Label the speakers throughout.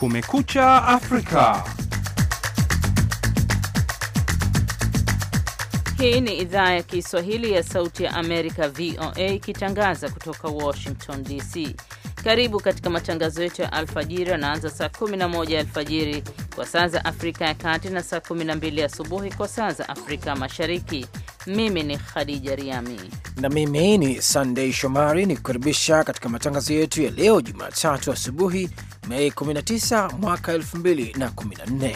Speaker 1: Kumekucha Afrika.
Speaker 2: Hii ni idhaa ya Kiswahili ya Sauti ya Amerika, VOA, ikitangaza kutoka Washington DC. Karibu katika matangazo yetu ya alfajiri yanaanza saa 11 alfajiri kwa saa za Afrika ya Kati na saa 12 asubuhi kwa saa za Afrika Mashariki. Mimi ni
Speaker 3: Khadija Riami na mimi ni Sandei Shomari, ni kukaribisha katika matangazo yetu ya leo Jumatatu asubuhi Mei 19 mwaka 2014.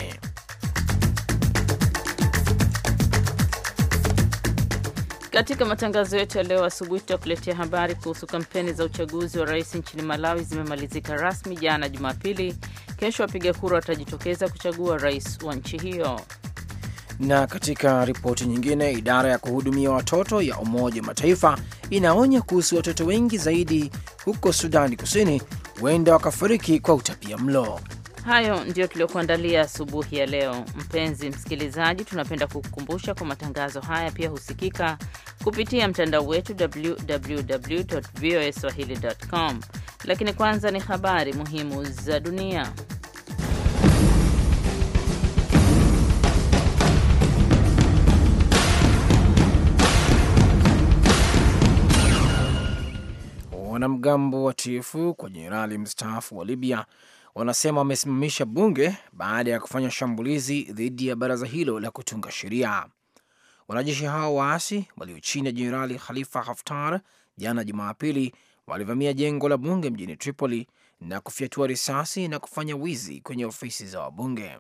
Speaker 2: Katika matangazo yetu ya leo asubuhi tutakuletea habari kuhusu kampeni za uchaguzi wa rais nchini Malawi zimemalizika rasmi jana Jumapili. Kesho wapiga kura watajitokeza kuchagua rais wa nchi hiyo.
Speaker 3: Na katika ripoti nyingine, idara ya kuhudumia watoto ya Umoja wa Mataifa inaonya kuhusu watoto wengi zaidi huko Sudani Kusini huenda wakafariki kwa utapia mlo.
Speaker 2: Hayo ndiyo tuliokuandalia asubuhi ya leo. Mpenzi msikilizaji, tunapenda kukukumbusha kwa matangazo haya pia husikika kupitia mtandao wetu www voa swahili com, lakini kwanza ni habari muhimu za dunia.
Speaker 3: Wanamgambo watiifu kwa jenerali mstaafu wa Libya wanasema wamesimamisha bunge baada ya kufanya shambulizi dhidi ya baraza hilo la kutunga sheria. Wanajeshi hao waasi walio chini ya jenerali Khalifa Haftar jana Jumapili walivamia jengo la bunge mjini Tripoli na kufyatua risasi na kufanya wizi kwenye ofisi za wabunge.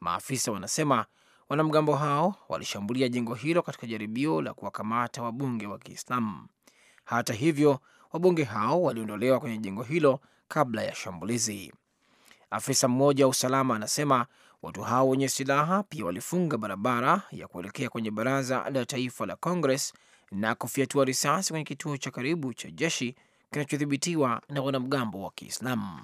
Speaker 3: Maafisa wanasema wanamgambo hao walishambulia jengo hilo katika jaribio la kuwakamata wabunge wa Kiislamu. Hata hivyo, wabunge hao waliondolewa kwenye jengo hilo kabla ya shambulizi. Afisa mmoja wa usalama anasema watu hao wenye silaha pia walifunga barabara ya kuelekea kwenye baraza la taifa la Congress na kufyatua risasi kwenye kituo cha karibu cha jeshi kinachodhibitiwa na wanamgambo wa Kiislamu.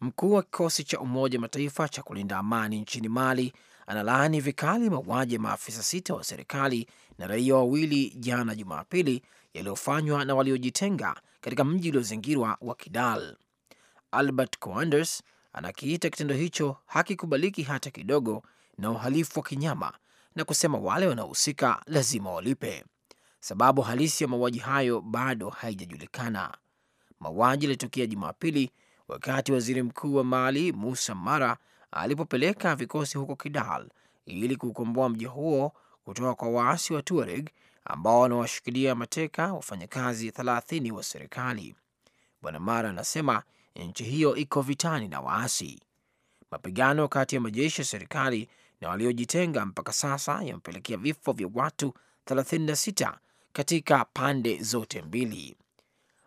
Speaker 3: Mkuu wa kikosi cha Umoja wa Mataifa cha kulinda amani nchini Mali analaani vikali mauaji ya maafisa sita wa serikali na raia wawili jana Jumapili yaliyofanywa na waliojitenga katika mji uliozingirwa wa Kidal. Albert Coanders anakiita kitendo hicho hakikubaliki hata kidogo na uhalifu wa kinyama, na kusema wale wanaohusika lazima walipe. Sababu halisi ya mauaji hayo bado haijajulikana. Mauaji yalitokea Jumapili wakati waziri mkuu wa Mali Musa Mara alipopeleka vikosi huko Kidal ili kukomboa mji huo kutoka kwa waasi wa Tuareg ambao wanawashikilia mateka wafanyakazi 30 wa serikali. Bwana Mara anasema nchi hiyo iko vitani na waasi. Mapigano kati ya majeshi ya serikali na waliojitenga mpaka sasa yamepelekea vifo vya watu 36 katika pande zote mbili.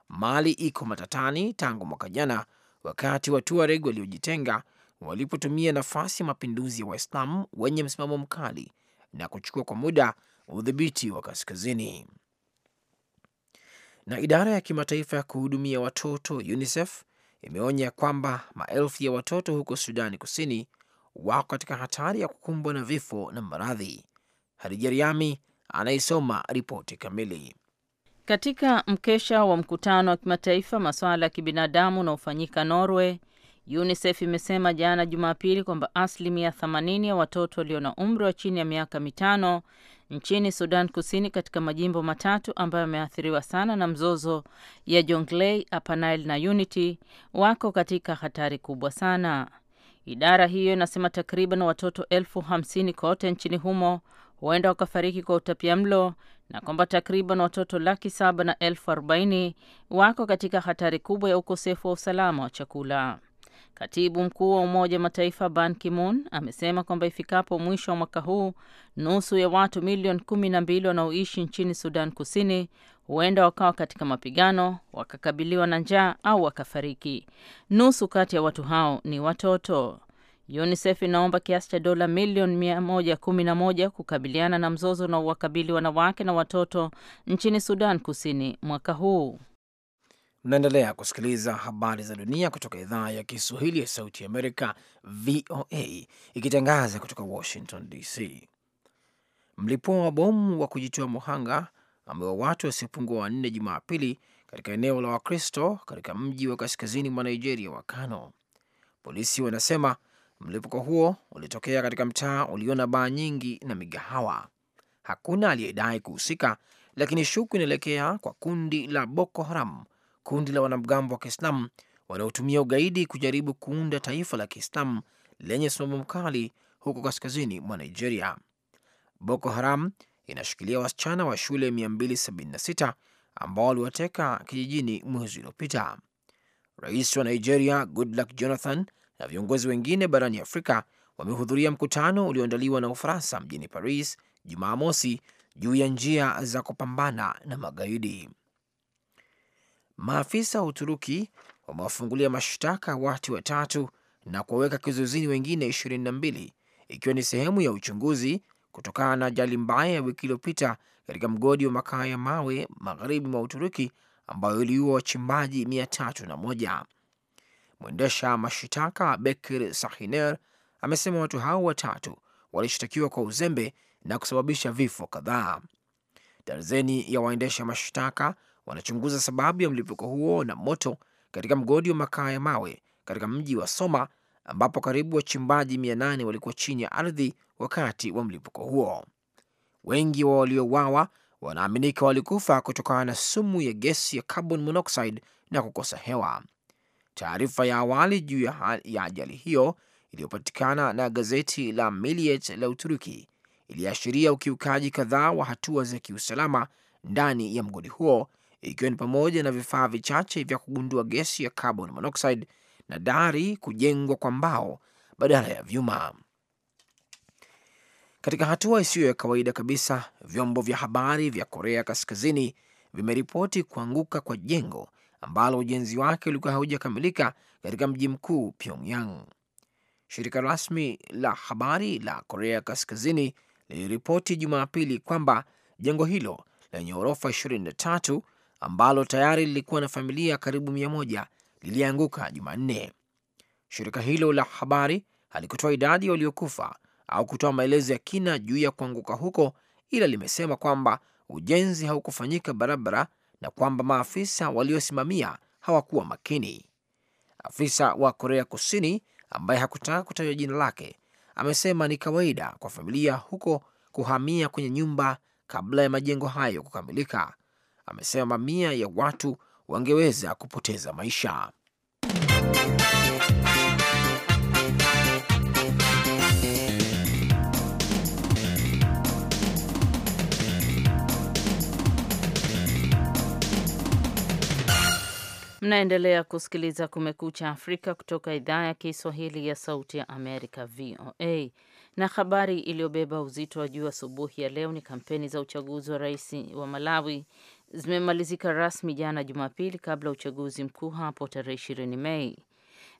Speaker 3: Mali iko matatani tangu mwaka jana, wakati wa Tuareg waliojitenga walipotumia nafasi ya mapinduzi ya Waislamu wenye msimamo mkali na kuchukua kwa muda udhibiti wa kaskazini. Na idara ya kimataifa ya kuhudumia watoto UNICEF imeonya kwamba maelfu ya watoto huko Sudani Kusini wako katika hatari ya kukumbwa na vifo na maradhi. Hadija Riami anaisoma ripoti kamili.
Speaker 2: Katika mkesha wa mkutano wa kimataifa masuala ya kibinadamu unaofanyika Norway, UNICEF imesema jana Jumapili kwamba asilimia 80 ya watoto walio na umri wa chini ya miaka mitano nchini Sudan Kusini katika majimbo matatu ambayo yameathiriwa sana na mzozo ya Jonglei, Upper Nile na Unity wako katika hatari kubwa sana. Idara hiyo inasema takriban watoto elfu hamsini kote nchini humo huenda wakafariki kwa utapia mlo na kwamba takriban watoto laki saba na elfu arobaini wako katika hatari kubwa ya ukosefu wa usalama wa chakula. Katibu mkuu wa Umoja Mataifa Ban Ki-moon amesema kwamba ifikapo mwisho wa mwaka huu nusu ya watu milioni kumi na mbili wanaoishi nchini Sudan Kusini huenda wakawa katika mapigano, wakakabiliwa na njaa au wakafariki. Nusu kati ya watu hao ni watoto. UNICEF inaomba kiasi cha dola milioni 111 kukabiliana na mzozo unaowakabili
Speaker 3: wanawake na
Speaker 2: watoto nchini Sudan Kusini mwaka huu.
Speaker 3: Mnaendelea kusikiliza habari za dunia kutoka idhaa ya Kiswahili ya Sauti ya Amerika, VOA, ikitangaza kutoka Washington DC. Mlipua wa bomu wa kujitoa muhanga ameua watu wasiopungua wanne Jumapili katika eneo la Wakristo katika mji wa kaskazini mwa Nigeria wa Kano. Polisi wanasema mlipuko huo ulitokea katika mtaa ulio na baa nyingi na migahawa. Hakuna aliyedai kuhusika, lakini shuku inaelekea kwa kundi la Boko Haram kundi la wanamgambo wa Kiislamu wanaotumia ugaidi kujaribu kuunda taifa la Kiislamu lenye msimamo mkali huko kaskazini mwa Nigeria. Boko Haram inashikilia wasichana wa shule 276 ambao waliwateka kijijini mwezi uliopita. Rais wa Nigeria Goodluck Jonathan na viongozi wengine barani Afrika wamehudhuria mkutano ulioandaliwa na Ufaransa mjini Paris Jumaa mosi juu ya njia za kupambana na magaidi. Maafisa wa Uturuki wamewafungulia mashtaka watu watatu na kuwaweka kizuizini wengine ishirini na mbili ikiwa ni sehemu ya uchunguzi kutokana na ajali mbaya ya wiki iliyopita katika mgodi wa makaa ya mawe magharibi mwa Uturuki ambayo iliua wachimbaji mia tatu na moja. Mwendesha mashtaka Bekir Sahiner amesema watu hao watatu walishtakiwa kwa uzembe na kusababisha vifo kadhaa. Darzeni ya waendesha mashtaka wanachunguza sababu ya mlipuko huo na moto katika mgodi wa makaa ya mawe katika mji wa Soma ambapo karibu wachimbaji 800 walikuwa chini ya ardhi wakati wa mlipuko huo. Wengi wa waliowawa wanaaminika walikufa kutokana na sumu ya gesi ya carbon monoxide na kukosa hewa. Taarifa ya awali juu ya ajali hiyo iliyopatikana na gazeti la Milliyet la Uturuki iliashiria ukiukaji kadhaa wa hatua za kiusalama ndani ya mgodi huo ikiwa ni pamoja na vifaa vichache vya kugundua gesi ya carbon monoxide na dari kujengwa kwa mbao badala ya vyuma. Katika hatua isiyo ya kawaida kabisa, vyombo vya habari vya Korea Kaskazini vimeripoti kuanguka kwa jengo ambalo ujenzi wake ulikuwa haujakamilika katika mji mkuu Pyongyang. Shirika rasmi la habari la Korea Kaskazini liliripoti Jumapili kwamba jengo hilo lenye ghorofa ambalo tayari lilikuwa na familia karibu mia moja lilianguka Jumanne. Shirika hilo la habari halikutoa idadi waliokufa au kutoa maelezo ya kina juu ya kuanguka huko, ila limesema kwamba ujenzi haukufanyika barabara na kwamba maafisa waliosimamia hawakuwa makini. Afisa wa Korea Kusini ambaye hakutaka kutajwa jina lake amesema ni kawaida kwa familia huko kuhamia kwenye nyumba kabla ya majengo hayo kukamilika, amesema mamia ya watu wangeweza kupoteza maisha.
Speaker 2: Mnaendelea kusikiliza Kumekucha Afrika kutoka idhaa ya Kiswahili ya Sauti ya Amerika, VOA. Na habari iliyobeba uzito wa juu asubuhi ya leo ni kampeni za uchaguzi wa rais wa Malawi zimemalizika rasmi jana Jumapili kabla uchaguzi mkuu hapo tarehe 20 Mei.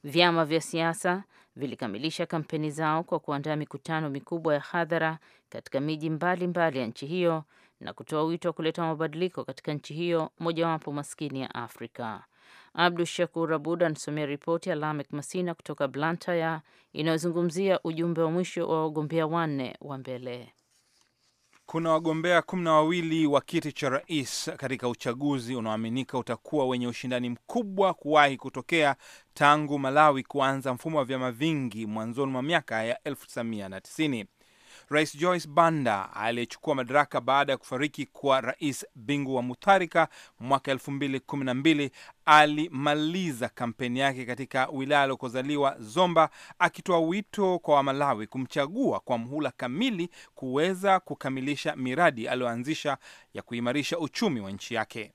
Speaker 2: Vyama vya siasa vilikamilisha kampeni zao kwa kuandaa mikutano mikubwa ya hadhara katika miji mbalimbali ya nchi hiyo na kutoa wito wa kuleta mabadiliko katika nchi hiyo mojawapo maskini ya Afrika. Abdu Shakur Abud anasomea ripoti ya Lamek Masina kutoka Blantyre inayozungumzia ujumbe wa mwisho wa wagombea wanne wa mbele.
Speaker 1: Kuna wagombea kumi na wawili wa kiti cha rais katika uchaguzi unaoaminika utakuwa wenye ushindani mkubwa kuwahi kutokea tangu Malawi kuanza mfumo wa vyama vingi mwanzoni mwa miaka ya 1990. Rais Joyce Banda aliyechukua madaraka baada ya kufariki kwa Rais Bingu wa Mutharika mwaka elfu mbili kumi na mbili alimaliza kampeni yake katika wilaya aliokozaliwa Zomba, akitoa wito kwa Wamalawi kumchagua kwa mhula kamili kuweza kukamilisha miradi aliyoanzisha ya kuimarisha uchumi wa nchi yake.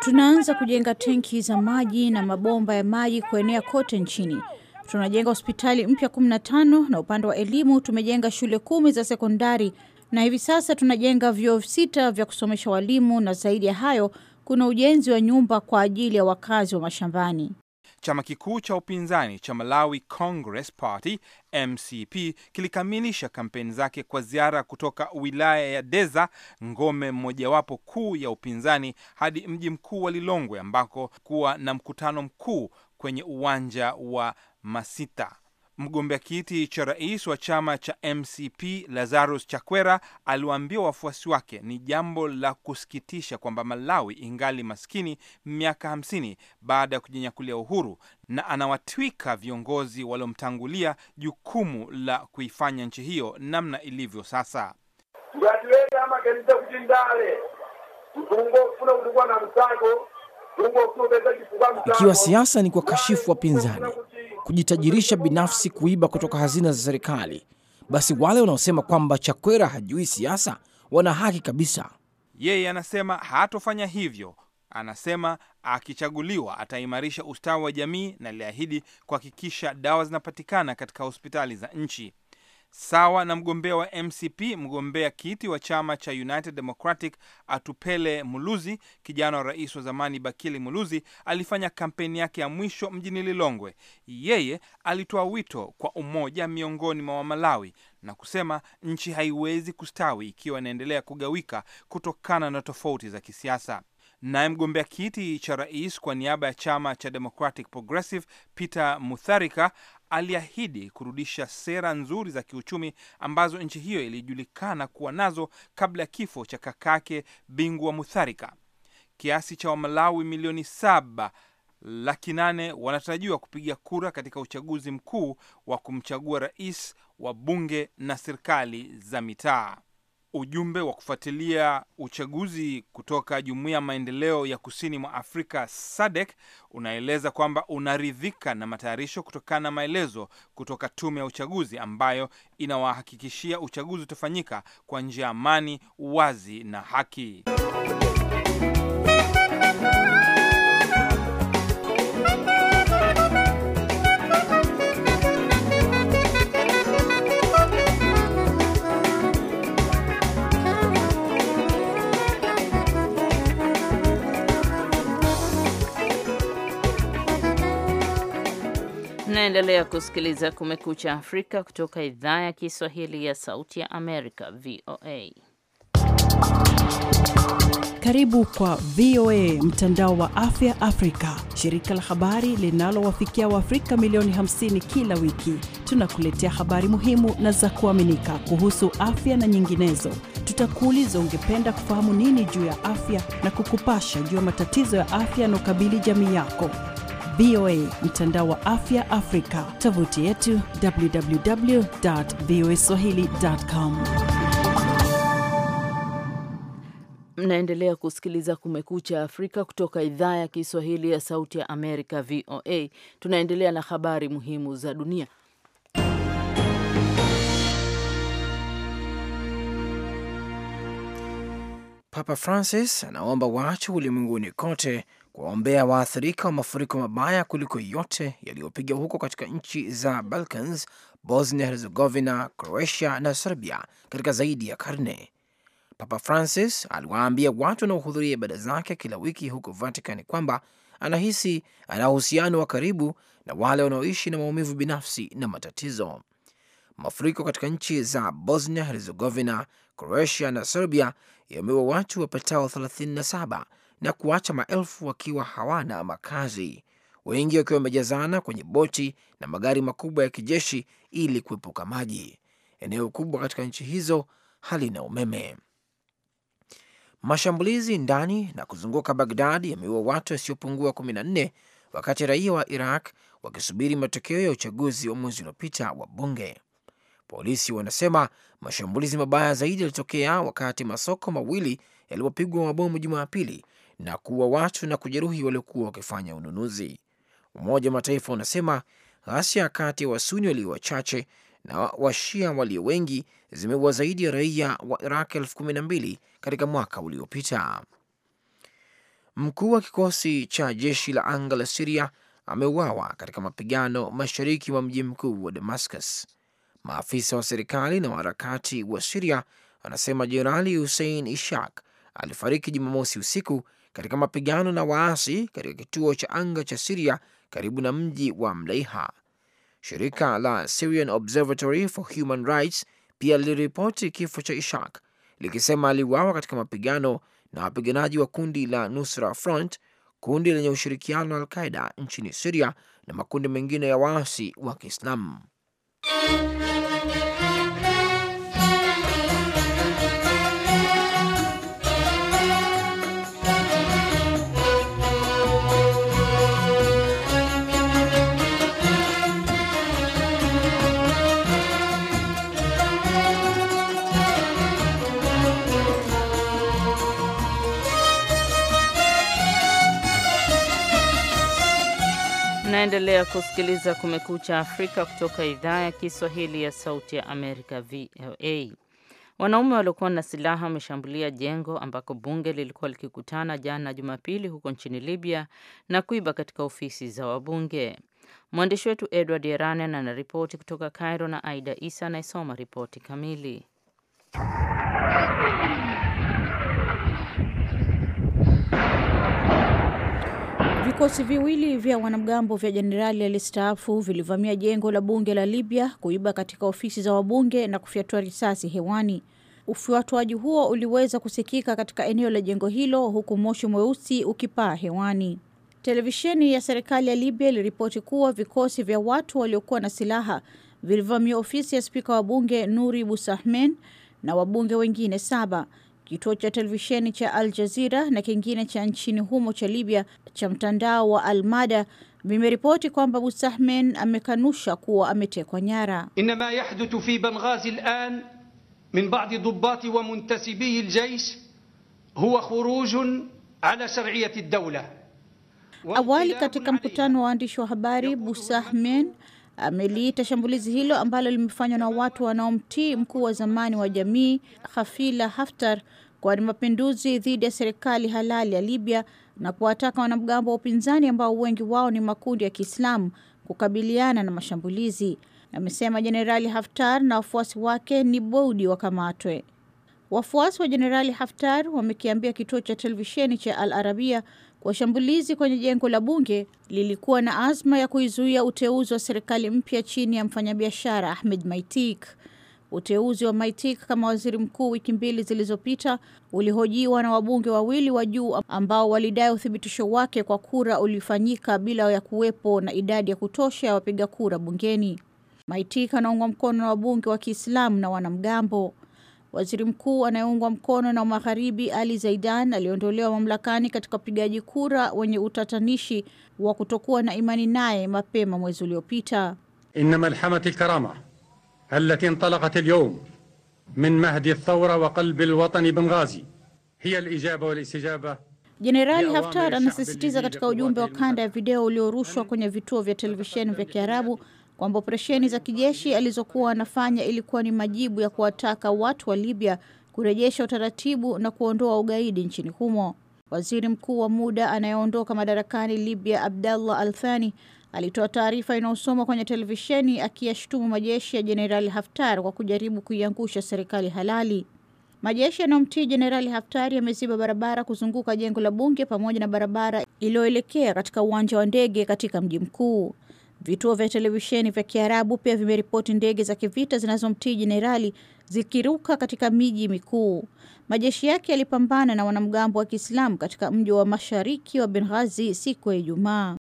Speaker 4: Tunaanza kujenga tenki za maji na mabomba ya maji kuenea kote nchini. Tunajenga hospitali mpya 15 na upande wa elimu tumejenga shule kumi za sekondari na hivi sasa tunajenga vyuo sita vya kusomesha walimu na zaidi ya hayo kuna ujenzi wa nyumba kwa ajili ya wakazi wa
Speaker 1: mashambani. Chama kikuu cha upinzani cha Malawi Congress Party MCP kilikamilisha kampeni zake kwa ziara kutoka wilaya ya Deza, ngome mojawapo kuu ya upinzani, hadi mji mkuu wa Lilongwe ambako kuwa na mkutano mkuu kwenye uwanja wa Masita. Mgombea kiti cha rais wa chama cha MCP Lazarus Chakwera aliwaambia wafuasi wake ni jambo la kusikitisha kwamba Malawi ingali maskini miaka 50 baada ya kujinyakulia uhuru, na anawatwika viongozi waliomtangulia jukumu la kuifanya nchi hiyo namna ilivyo sasa.
Speaker 5: ngatiweta amaganiza kuti
Speaker 1: kujindale mtungo funa kutukuwa na msako
Speaker 3: ikiwa siasa ni kashifu wapinzani, kujitajirisha binafsi, kuiba kutoka hazina za serikali, basi wale wanaosema kwamba Chakwera hajui siasa wana haki kabisa.
Speaker 1: Yeye anasema hatofanya hivyo. Anasema akichaguliwa ataimarisha ustawi wa jamii na aliahidi kuhakikisha dawa zinapatikana katika hospitali za nchi sawa na mgombea wa MCP. Mgombea kiti wa chama cha United Democratic Atupele Muluzi, kijana wa rais wa zamani Bakili Muluzi, alifanya kampeni yake ya mwisho mjini Lilongwe. Yeye alitoa wito kwa umoja miongoni mwa Wamalawi na kusema nchi haiwezi kustawi ikiwa inaendelea kugawika kutokana na tofauti za kisiasa. Naye mgombea kiti cha rais kwa niaba ya chama cha Democratic Progressive Peter Mutharika aliahidi kurudisha sera nzuri za kiuchumi ambazo nchi hiyo ilijulikana kuwa nazo kabla ya kifo cha kakake Bingwa Mutharika. Kiasi cha Wamalawi milioni saba laki nane wanatarajiwa kupiga kura katika uchaguzi mkuu wa kumchagua rais wa bunge na serikali za mitaa ujumbe wa kufuatilia uchaguzi kutoka Jumuiya ya Maendeleo ya Kusini mwa Afrika SADC unaeleza kwamba unaridhika na matayarisho kutokana na maelezo kutoka tume ya uchaguzi ambayo inawahakikishia uchaguzi utafanyika kwa njia ya amani, wazi na haki.
Speaker 2: Mnaendelea kusikiliza Kumekucha Afrika kutoka idhaa ya Kiswahili ya Sauti ya Amerika, VOA. Karibu kwa VOA mtandao wa afya Afrika, shirika la habari linalowafikia Waafrika milioni 50 kila wiki. Tunakuletea habari muhimu na za kuaminika kuhusu afya na nyinginezo. Tutakuuliza, ungependa kufahamu nini juu ya afya, na kukupasha juu ya matatizo ya afya yanaokabili jamii yako. VOA, mtandao wa afya Afrika, tovuti yetu www voa swahili.com. Mnaendelea kusikiliza Kumekucha Afrika kutoka idhaa ya Kiswahili ya Sauti ya Amerika, VOA. Tunaendelea na habari muhimu za dunia.
Speaker 3: Papa Francis anaomba watu ulimwenguni kote kuwaombea waathirika wa mafuriko mabaya kuliko yote yaliyopiga huko katika nchi za Balkans, Bosnia Herzegovina, Croatia na Serbia katika zaidi ya karne. Papa Francis aliwaambia watu wanaohudhuria ibada zake kila wiki huko Vatican kwamba anahisi ana uhusiano wa karibu na wale wanaoishi na maumivu binafsi na matatizo. Mafuriko katika nchi za Bosnia Herzegovina, Croatia na Serbia yameua watu wapatao 37 na kuacha maelfu wakiwa hawana makazi, wengi wakiwa wamejazana kwenye boti na magari makubwa ya kijeshi ili kuepuka maji. Eneo kubwa katika nchi hizo halina umeme. Mashambulizi ndani na kuzunguka Bagdad yameua watu wasiopungua 14 wakati raia wa Iraq wakisubiri matokeo ya uchaguzi wa mwezi uliopita wa bunge. Polisi wanasema mashambulizi mabaya zaidi yalitokea wakati masoko mawili yalipopigwa mabomu Jumapili na kuua watu na kujeruhi waliokuwa wakifanya ununuzi. Umoja wa Mataifa unasema ghasia kati ya Wasuni walio wachache na Washia walio wengi zimeua zaidi ya raia wa Iraq elfu kumi na mbili katika mwaka uliopita. Mkuu wa kikosi cha jeshi la anga la Siria ameuawa katika mapigano mashariki mwa mji mkuu wa Damascus. Maafisa wa serikali na waharakati wa Siria wanasema Jenerali Hussein Ishak alifariki Jumamosi usiku katika mapigano na waasi katika kituo cha anga cha Siria karibu na mji wa Mleiha. Shirika la Syrian Observatory for Human Rights pia liliripoti kifo cha Ishak likisema aliuawa katika mapigano na wapiganaji wa kundi la Nusra Front, kundi lenye ushirikiano wa Alqaida nchini Siria na makundi mengine ya waasi wa Kiislamu.
Speaker 5: Música
Speaker 2: Unaendelea kusikiliza Kumekucha Afrika kutoka idhaa ya Kiswahili ya Sauti ya Amerika, VOA. Wanaume waliokuwa na silaha wameshambulia jengo ambako bunge lilikuwa likikutana jana Jumapili huko nchini Libya na kuiba katika ofisi za wabunge. Mwandishi wetu Edward ana anaripoti kutoka Cairo na Aida Isa anayesoma ripoti kamili.
Speaker 4: Vikosi viwili vya wanamgambo vya jenerali alistaafu vilivamia jengo la bunge la Libya, kuiba katika ofisi za wabunge na kufyatua risasi hewani. Ufuatuaji huo uliweza kusikika katika eneo la jengo hilo, huku moshi mweusi ukipaa hewani. Televisheni ya serikali ya Libya iliripoti kuwa vikosi vya watu waliokuwa na silaha vilivamia ofisi ya spika wa bunge Nuri Busahmen na wabunge wengine saba Kituo cha televisheni cha Al Jazeera na kingine cha nchini humo cha Libya cha mtandao wa Almada vimeripoti kwamba Busahmen amekanusha kuwa ametekwa nyara.
Speaker 3: inma yahduthu
Speaker 6: fi benghazi lan min badi dubati wa muntasibii ljeish huwa khurujun ala shariyati dawla.
Speaker 4: Awali katika mkutano wa waandishi wa habari Busahmen ameliita shambulizi hilo ambalo limefanywa na watu wanaomtii mkuu wa zamani wa jamii Khafila Haftar kwa ni mapinduzi dhidi ya serikali halali ya Libya na kuwataka wanamgambo wa upinzani ambao wengi wao ni makundi ya Kiislamu kukabiliana na mashambulizi. Amesema Jenerali Haftar na wafuasi wake ni boudi wakamatwe. Wafuasi wa Jenerali Haftar wamekiambia kituo cha televisheni cha Al Arabia Washambulizi kwenye jengo la bunge lilikuwa na azma ya kuizuia uteuzi wa serikali mpya chini ya mfanyabiashara Ahmed Maitik. Uteuzi wa Maitik kama waziri mkuu wiki mbili zilizopita ulihojiwa na wabunge wawili wa juu ambao walidai uthibitisho wake kwa kura ulifanyika bila ya kuwepo na idadi ya kutosha ya wapiga kura bungeni. Maitik anaungwa mkono na wabunge wa Kiislamu na wanamgambo. Waziri mkuu anayeungwa mkono na magharibi Ali Zaidan aliondolewa mamlakani katika upigaji kura wenye utatanishi wa kutokuwa na imani naye mapema mwezi uliopita.
Speaker 5: inna malhamat lkarama alati intalakat lyum min mahdi althawra wa qalbi lwatani Benghazi hiya lijaba walistijaba
Speaker 4: Jenerali Haftar anasisitiza katika ujumbe wa kanda ya video uliorushwa kwenye vituo vya televisheni vya Kiarabu kwamba operesheni za kijeshi alizokuwa anafanya ilikuwa ni majibu ya kuwataka watu wa Libya kurejesha utaratibu na kuondoa ugaidi nchini humo. Waziri mkuu wa muda anayeondoka madarakani Libya, Abdallah Althani, alitoa taarifa inayosomwa kwenye televisheni akiyashutumu majeshi ya Jenerali Haftar kwa kujaribu kuiangusha serikali halali. Majeshi yanayomtii Jenerali Haftari yameziba barabara kuzunguka jengo la bunge pamoja na barabara iliyoelekea katika uwanja wa ndege katika mji mkuu. Vituo vya televisheni vya Kiarabu pia vimeripoti ndege za kivita zinazomtii jenerali zikiruka katika miji mikuu. Majeshi yake yalipambana na wanamgambo wa Kiislamu katika mji wa mashariki wa Benghazi siku ya Ijumaa.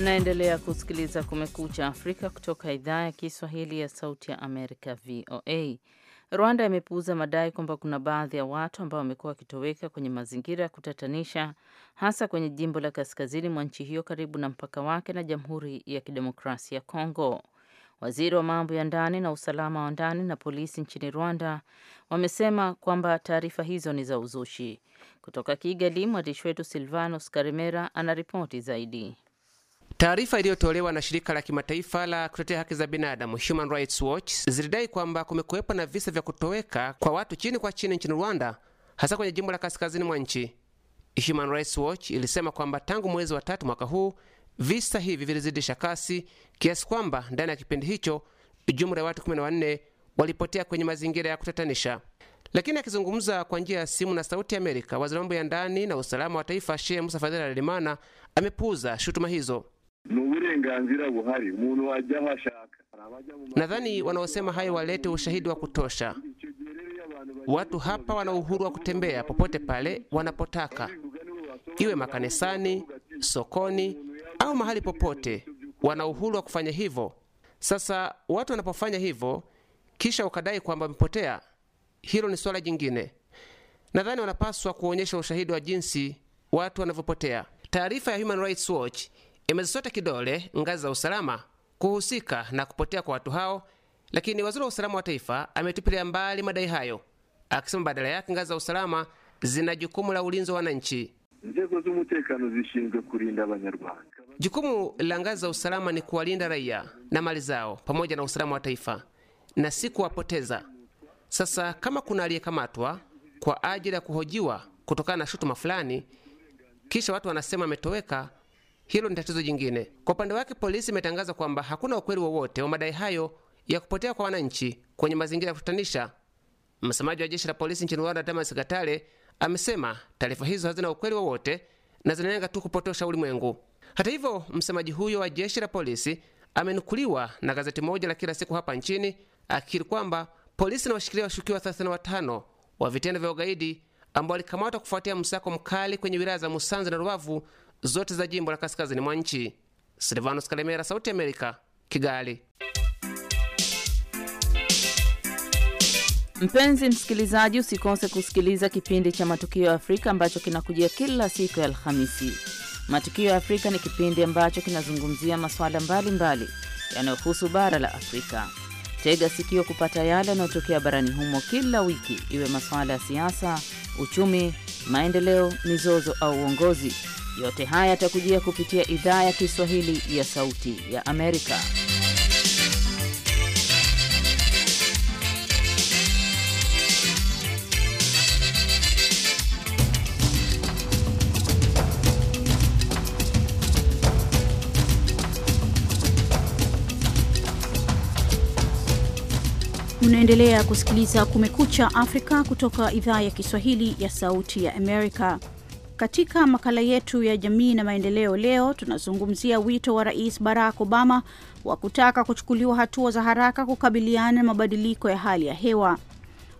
Speaker 2: Mnaendelea kusikiliza Kumekucha Afrika kutoka idhaa ya Kiswahili ya Sauti ya Amerika, VOA. Rwanda imepuuza madai kwamba kuna baadhi ya watu ambao wamekuwa wakitoweka kwenye mazingira ya kutatanisha, hasa kwenye jimbo la kaskazini mwa nchi hiyo karibu na mpaka wake na Jamhuri ya Kidemokrasia ya Kongo. Waziri wa mambo ya ndani na usalama wa ndani na polisi nchini Rwanda wamesema kwamba taarifa hizo ni za uzushi. Kutoka Kigali, mwandishi wetu Silvanos Karimera ana ripoti
Speaker 6: zaidi. Taarifa iliyotolewa na shirika la kimataifa la kutetea haki za binadamu Human Rights Watch zilidai kwamba kumekuwepo na visa vya kutoweka kwa watu chini kwa chini nchini Rwanda, hasa kwenye jimbo la kaskazini mwa nchi. Human Rights Watch ilisema kwamba tangu mwezi wa tatu mwaka huu visa hivi vilizidisha kasi kiasi kwamba ndani ya kipindi hicho jumla ya watu 14 walipotea kwenye mazingira ya kutatanisha. Lakini akizungumza kwa njia ya simu na Sauti Amerika, waziri wa mambo ya ndani na usalama wa taifa Sheikh Musa Fadhila Harelimana amepuuza shutuma hizo
Speaker 5: nuburenganzira buhari umuntu wajya ashaka
Speaker 6: nadhani wanaosema hayo walete ushahidi wa kutosha watu hapa wana uhuru wa kutembea popote pale wanapotaka iwe makanisani sokoni au mahali popote wana uhuru wa kufanya hivyo sasa watu wanapofanya hivyo kisha ukadai kwamba wamepotea hilo ni swala jingine nadhani wanapaswa kuonyesha ushahidi wa jinsi watu wanavyopotea taarifa ya Human Rights Watch imezisota kidole ngazi za usalama kuhusika na kupotea kwa watu hao, lakini waziri wa usalama wa taifa ametupilia mbali madai hayo, akisema badala yake ngazi za usalama zina jukumu la ulinzi wa wananchi.
Speaker 5: Nzego kulinda
Speaker 6: Jukumu la ngazi za usalama ni kuwalinda raia na mali zao pamoja na usalama wa taifa na si kuwapoteza. Sasa kama kuna aliyekamatwa kwa ajili ya kuhojiwa kutokana na shutuma fulani, kisha watu wanasema ametoweka hilo ni tatizo jingine. Kwa upande wake, polisi imetangaza kwamba hakuna ukweli wowote wa, madai hayo ya kupotea kwa wananchi kwenye mazingira ya kutatanisha. Msemaji wa jeshi la polisi nchini Rwanda, Damas Gatale, amesema taarifa hizo hazina ukweli wowote na zinalenga tu kupotosha ulimwengu. Hata hivyo, msemaji huyo wa jeshi la polisi amenukuliwa na gazeti moja la kila siku hapa nchini akikiri kwamba polisi inawashikilia washukiwa 35 wa vitendo vya ugaidi ambao walikamatwa kufuatia msako mkali kwenye wilaya za Musanze na Rubavu zote za jimbo la kaskazini mwa nchi. Silvanos Kalemera, Sauti Amerika, Kigali.
Speaker 2: Mpenzi msikilizaji, usikose kusikiliza kipindi cha Matukio ya Afrika ambacho kinakujia kila siku ya Alhamisi. Matukio ya Afrika ni kipindi ambacho kinazungumzia masuala mbalimbali yanayohusu bara la Afrika. Tega sikio kupata yale yanayotokea barani humo kila wiki, iwe masuala ya siasa, uchumi, maendeleo, mizozo au uongozi. Yote haya yatakujia kupitia idhaa ya Kiswahili ya Sauti ya Amerika.
Speaker 4: Unaendelea kusikiliza Kumekucha Afrika kutoka idhaa ya Kiswahili ya Sauti ya Amerika. Katika makala yetu ya jamii na maendeleo leo, tunazungumzia wito wa Rais Barack Obama wa kutaka kuchukuliwa hatua za haraka kukabiliana na mabadiliko ya hali ya hewa.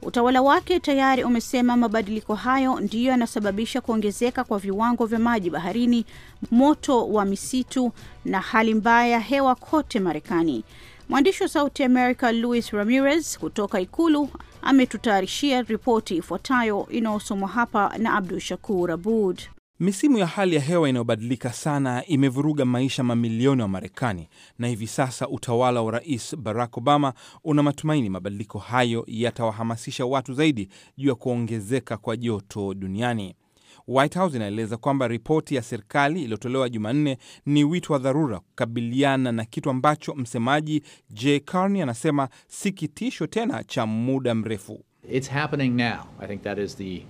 Speaker 4: Utawala wake tayari umesema mabadiliko hayo ndiyo yanasababisha kuongezeka kwa viwango vya maji baharini, moto wa misitu na hali mbaya ya hewa kote Marekani. Mwandishi wa Sauti America Luis Ramirez kutoka Ikulu ametutayarishia ripoti ifuatayo inayosomwa hapa na Abdu Shakur Abud.
Speaker 1: Misimu ya hali ya hewa inayobadilika sana imevuruga maisha mamilioni wa Marekani, na hivi sasa utawala wa Rais Barack Obama una matumaini mabadiliko hayo yatawahamasisha watu zaidi juu ya kuongezeka kwa joto duniani. White House inaeleza kwamba ripoti ya serikali iliyotolewa Jumanne ni wito wa dharura kukabiliana na kitu ambacho msemaji Jay Carney anasema si kitisho tena cha muda mrefu. It's happening now. I think that is the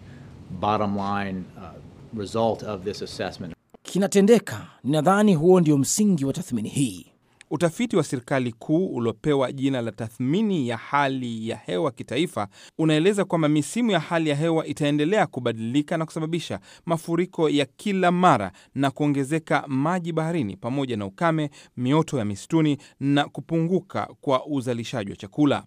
Speaker 1: bottom line, uh, result of this assessment.
Speaker 3: Kinatendeka.
Speaker 1: Ninadhani huo ndio msingi wa tathmini hii. Utafiti wa serikali kuu uliopewa jina la tathmini ya hali ya hewa kitaifa unaeleza kwamba misimu ya hali ya hewa itaendelea kubadilika na kusababisha mafuriko ya kila mara na kuongezeka maji baharini, pamoja na ukame, mioto ya misituni na kupunguka kwa uzalishaji wa chakula.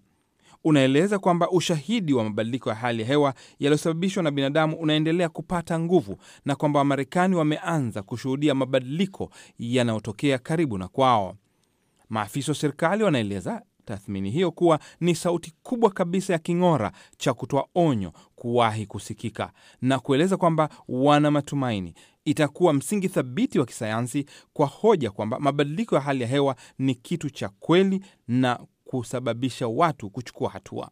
Speaker 1: Unaeleza kwamba ushahidi wa mabadiliko ya hali ya hewa yaliyosababishwa na binadamu unaendelea kupata nguvu na kwamba Wamarekani wameanza kushuhudia mabadiliko yanayotokea karibu na kwao. Maafisa wa serikali wanaeleza tathmini hiyo kuwa ni sauti kubwa kabisa ya king'ora cha kutoa onyo kuwahi kusikika na kueleza kwamba wana matumaini itakuwa msingi thabiti wa kisayansi kwa hoja kwamba mabadiliko ya hali ya hewa ni kitu cha kweli na kusababisha watu kuchukua hatua.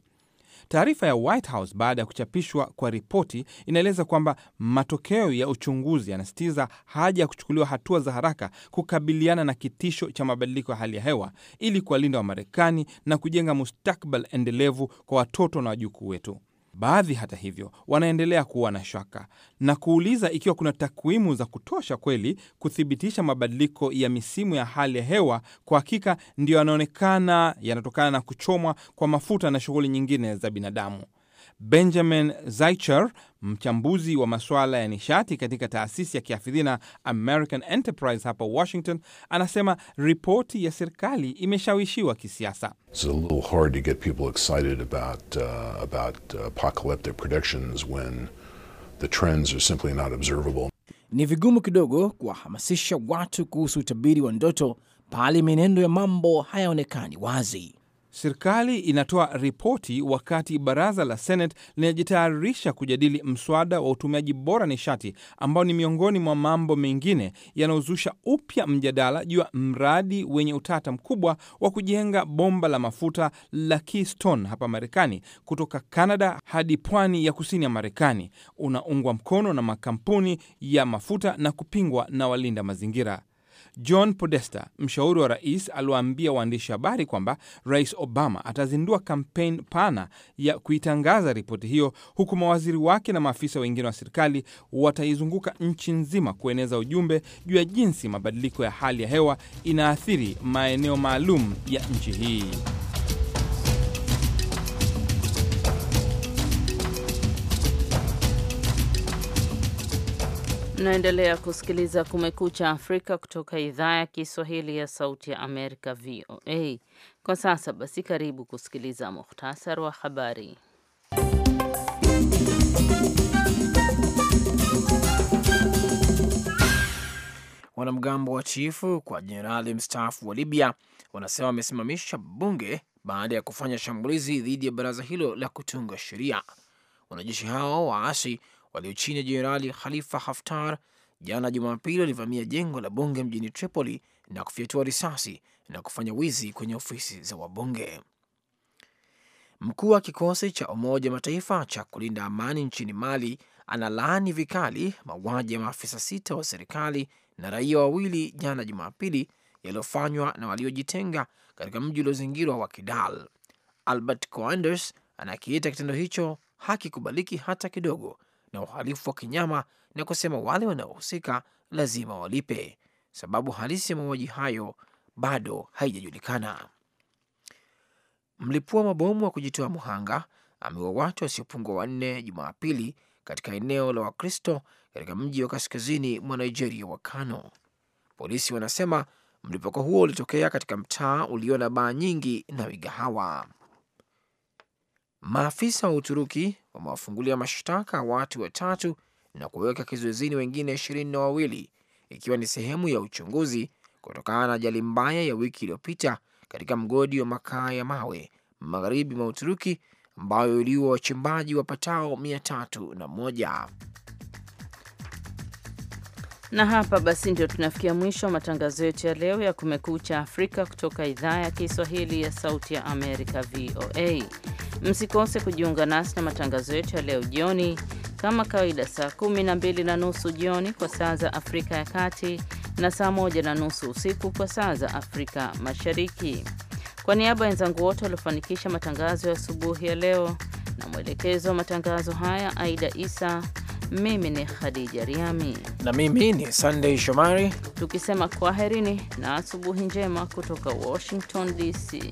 Speaker 1: Taarifa ya White House baada ya kuchapishwa kwa ripoti inaeleza kwamba matokeo ya uchunguzi yanasitiza haja ya kuchukuliwa hatua za haraka kukabiliana na kitisho cha mabadiliko ya hali ya hewa ili kuwalinda Wamarekani na kujenga mustakbal endelevu kwa watoto na wajukuu wetu. Baadhi hata hivyo wanaendelea kuwa na shaka na kuuliza ikiwa kuna takwimu za kutosha kweli kuthibitisha mabadiliko ya misimu ya hali ya hewa kwa hakika ndiyo yanaonekana yanatokana na kuchomwa kwa mafuta na shughuli nyingine za binadamu. Benjamin Zaicher, mchambuzi wa masuala ya nishati katika taasisi ya kiafidhina American Enterprise hapa Washington, anasema ripoti ya serikali imeshawishiwa kisiasa.
Speaker 3: Ni vigumu kidogo kuwahamasisha watu kuhusu utabiri wa ndoto
Speaker 1: pale mienendo ya mambo hayaonekani wazi. Serikali inatoa ripoti wakati baraza la Senate linajitayarisha kujadili mswada wa utumiaji bora nishati ambao ni miongoni mwa mambo mengine yanayozusha upya mjadala juu ya mradi wenye utata mkubwa wa kujenga bomba la mafuta la Keystone hapa Marekani kutoka canada hadi pwani ya kusini ya Marekani, unaungwa mkono na makampuni ya mafuta na kupingwa na walinda mazingira. John Podesta, mshauri wa rais, aliwaambia waandishi habari kwamba Rais Obama atazindua kampeni pana ya kuitangaza ripoti hiyo, huku mawaziri wake na maafisa wengine wa serikali wataizunguka nchi nzima kueneza ujumbe juu ya jinsi mabadiliko ya hali ya hewa inaathiri maeneo maalum ya nchi hii.
Speaker 2: Mnaendelea kusikiliza Kumekucha Afrika kutoka idhaa ya Kiswahili ya Sauti ya Amerika, VOA. Kwa sasa basi, karibu kusikiliza muhtasar wa
Speaker 3: habari. Wanamgambo wa chifu kwa jenerali mstaafu wa Libya wanasema wamesimamisha bunge baada ya kufanya shambulizi dhidi ya baraza hilo la kutunga sheria. Wanajeshi hao waasi walio chini ya Jenerali Khalifa Haftar jana Jumapili walivamia jengo la bunge mjini Tripoli na kufyatua risasi na kufanya wizi kwenye ofisi za wabunge. Mkuu wa kikosi cha Umoja wa Mataifa cha kulinda amani nchini Mali analaani vikali mauaji ya maafisa sita wa serikali na raia wawili jana Jumapili yaliyofanywa na waliojitenga katika mji uliozingirwa wa Kidal. Albert Coanders anakiita kitendo hicho hakikubaliki hata kidogo na uhalifu wa kinyama na kusema wale wanaohusika lazima walipe. Sababu halisi ya mauaji hayo bado haijajulikana. Mlipua mabomu wa kujitoa muhanga ameua watu wasiopungwa wanne Jumapili katika eneo la Wakristo katika mji wa kaskazini mwa Nigeria wa Kano. Polisi wanasema mlipuko huo ulitokea katika mtaa ulio na baa nyingi na migahawa. Maafisa wa Uturuki wamewafungulia mashtaka watu watatu na kuweka kizuizini wengine ishirini na wawili ikiwa ni sehemu ya uchunguzi kutokana na ajali mbaya ya wiki iliyopita katika mgodi wa makaa ya mawe magharibi mwa Uturuki ambayo iliwa wachimbaji wapatao mia tatu na moja.
Speaker 2: Na hapa basi ndio tunafikia mwisho wa matangazo yetu ya leo ya Kumekucha Afrika kutoka idhaa ya Kiswahili ya Sauti ya Amerika, VOA. Msikose kujiunga nasi na matangazo yetu ya leo jioni kama kawaida, saa kumi na mbili na nusu jioni kwa saa za Afrika ya Kati na saa moja na nusu usiku kwa saa za Afrika Mashariki. Kwa niaba ya wenzangu wote waliofanikisha matangazo ya asubuhi ya leo na mwelekezo wa matangazo haya Aida Isa, mimi ni Khadija Riami na mimi ni
Speaker 3: Sandey Shomari,
Speaker 2: tukisema kwaherini na asubuhi njema kutoka Washington DC.